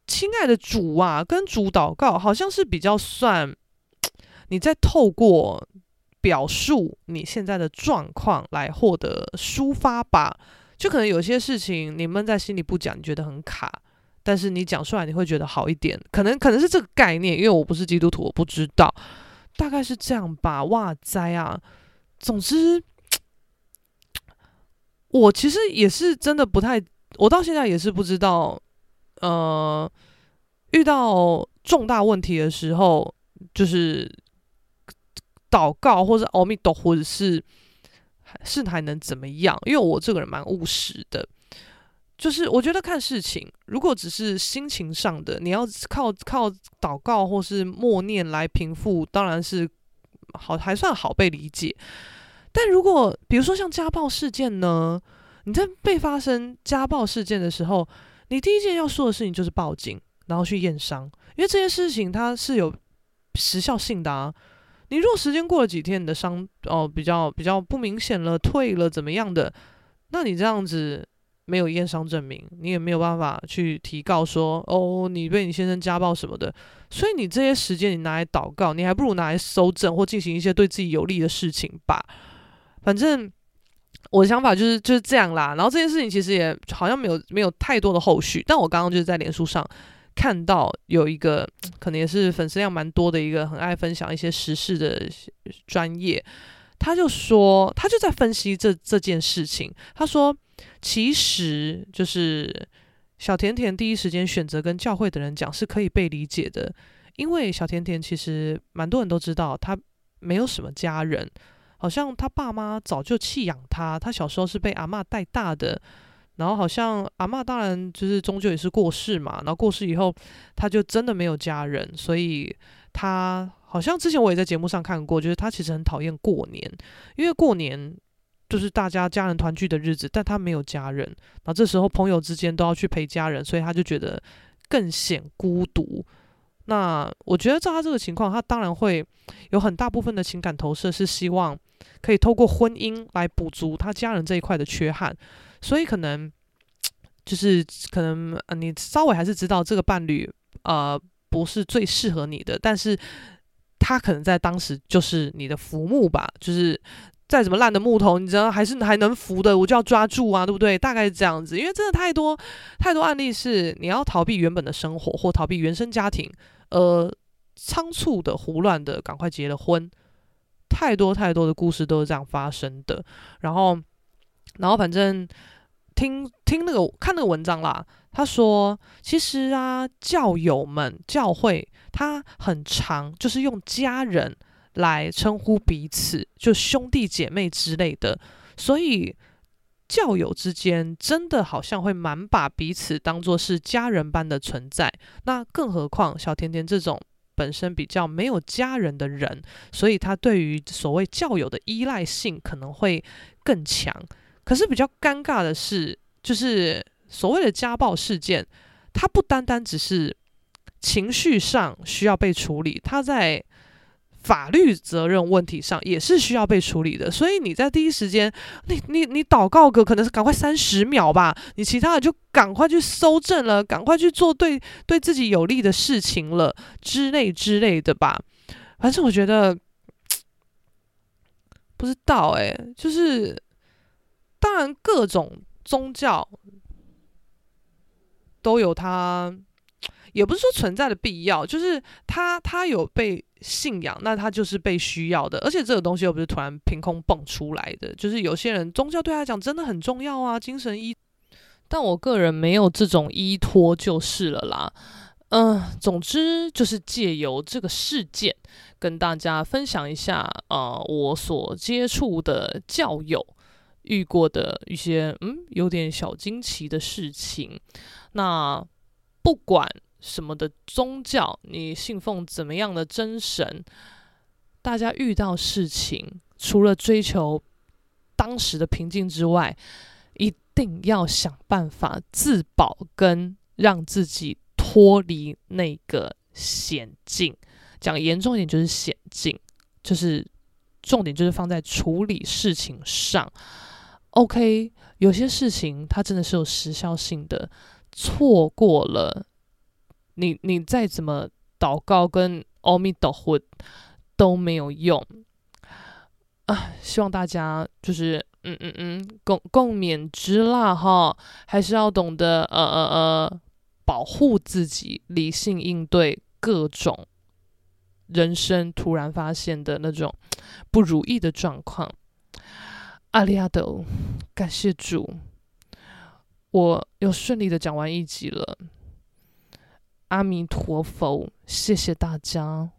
親愛的主啊，跟主禱告好像是比較算，你在透過表述你現在的狀況來獲得抒發吧？就可能有些事情你悶在心裡不講，你覺得很卡。但是你講出來，你會覺得好一點。可能可能是這個概念，因為我不是基督徒，我不知道，大概是這樣吧。哇哉啊！總之，我其實也是真的不太，我到現在也是不知道。呃，遇到重大問題的時候，就是禱告，或者是阿彌陀佛，或者是是還能怎麼樣？因為我這個人蠻務實的。就是我覺得看事情，如果只是心情上的，你要靠靠禱告或是默念來平復，當然是好還算好被理解。但如果比如說像家暴事件呢，你在被發生家暴事件的時候，你第一件要做的事情就是報警，然後去驗傷，因為這件事情它是有時效性的啊。你若時間過了幾天，你的傷哦比較比較不明顯了，退了怎麼樣的，那你這樣子。沒有驗傷證明，你也沒有辦法去提告說哦，你被你先生家暴什麼的。所以你這些時間你拿來禱告，你還不如拿來搜證或進行一些對自己有利的事情吧。反正我的想法就是就是這樣啦。然後這件事情其實也好像沒有沒有太多的後續。但我剛剛就是在臉書上看到有一個可能也是粉絲量蠻多的一個很愛分享一些時事的專頁，他就說他就在分析這這件事情，他說。其實，就是小甜甜第一時間選擇跟教會的人講，是可以被理解的。因為小甜甜其實蠻多人都知道，他沒有什麼家人，好像他爸媽早就棄養他，他小時候是被阿嬤帶大的，然後好像阿嬤當然就是終究也是過世嘛，然後過世以後，他就真的沒有家人，所以他好像之前我也在節目上看過，就是他其實很討厭過年，因為過年就是大家家人團聚的日子，但他沒有家人。那這時候朋友之間都要去陪家人，所以他就覺得更顯孤獨。那我覺得照他這個情況，他當然會有很大部分的情感投射，是希望可以透過婚姻來補足他家人這一塊的缺憾。所以可能就是可能，呃，你稍微還是知道這個伴侶呃不是最適合你的，但是他可能在當時就是你的浮木吧，就是。再怎麼爛的木頭，你知道還是還能扶的，我就要抓住啊，對不對？大概是這樣子，因為真的太多太多案例是你要逃避原本的生活或逃避原生家庭，呃，倉促的、胡亂的，趕快結了婚，太多太多的故事都是這樣發生的。然後，然後反正聽聽那個看那個文章啦，他說其實啊，教友們教會他很常，就是用家人。來稱呼彼此，就兄弟姐妹之類的，所以教友之間真的好像會蠻把彼此當作是家人般的存在。那更何況小甜甜這種本身比較沒有家人的人，所以他對於所謂教友的依賴性可能會更強。可是比較尷尬的是，就是所謂的家暴事件，他不單單只是情緒上需要被處理，他在。法律責任問題上也是需要被處理的，所以你在第一時間，你你你禱告個可能是趕快三十秒吧，你其他的就趕快去搜證了，趕快去做對對自己有利的事情了之類之類的吧。反正我覺得不知道哎，就是當然各種宗教都有它。也不是說存在的必要，就是他他有被信仰，那他就是被需要的，而且這個東西又不是突然憑空蹦出來的，就是有些人宗教對他來講真的很重要啊，精神依，但我個人沒有這種依托就是了啦，嗯、呃，總之就是借由這個事件跟大家分享一下呃，我所接觸的教友遇過的一些嗯有點小驚奇的事情，那不管。什麼的宗教，你信奉怎麼樣的真神？大家遇到事情，除了追求當時的平靜之外，一定要想辦法自保，跟讓自己脫離那個險境。講嚴重一點，就是險境，就是重點，就是放在處理事情上。OK，有些事情它真的是有時效性的，錯過了，你你再怎麼禱告跟阿彌陀佛都沒有用啊！希望大家就是嗯嗯嗯共共勉之啦哈，哦，還是要懂得呃呃呃保護自己，理性應對各種人生突然發現的那種不如意的狀況。阿里阿斗，感謝主，我又順利的講完一集了。阿彌陀佛，謝謝大家。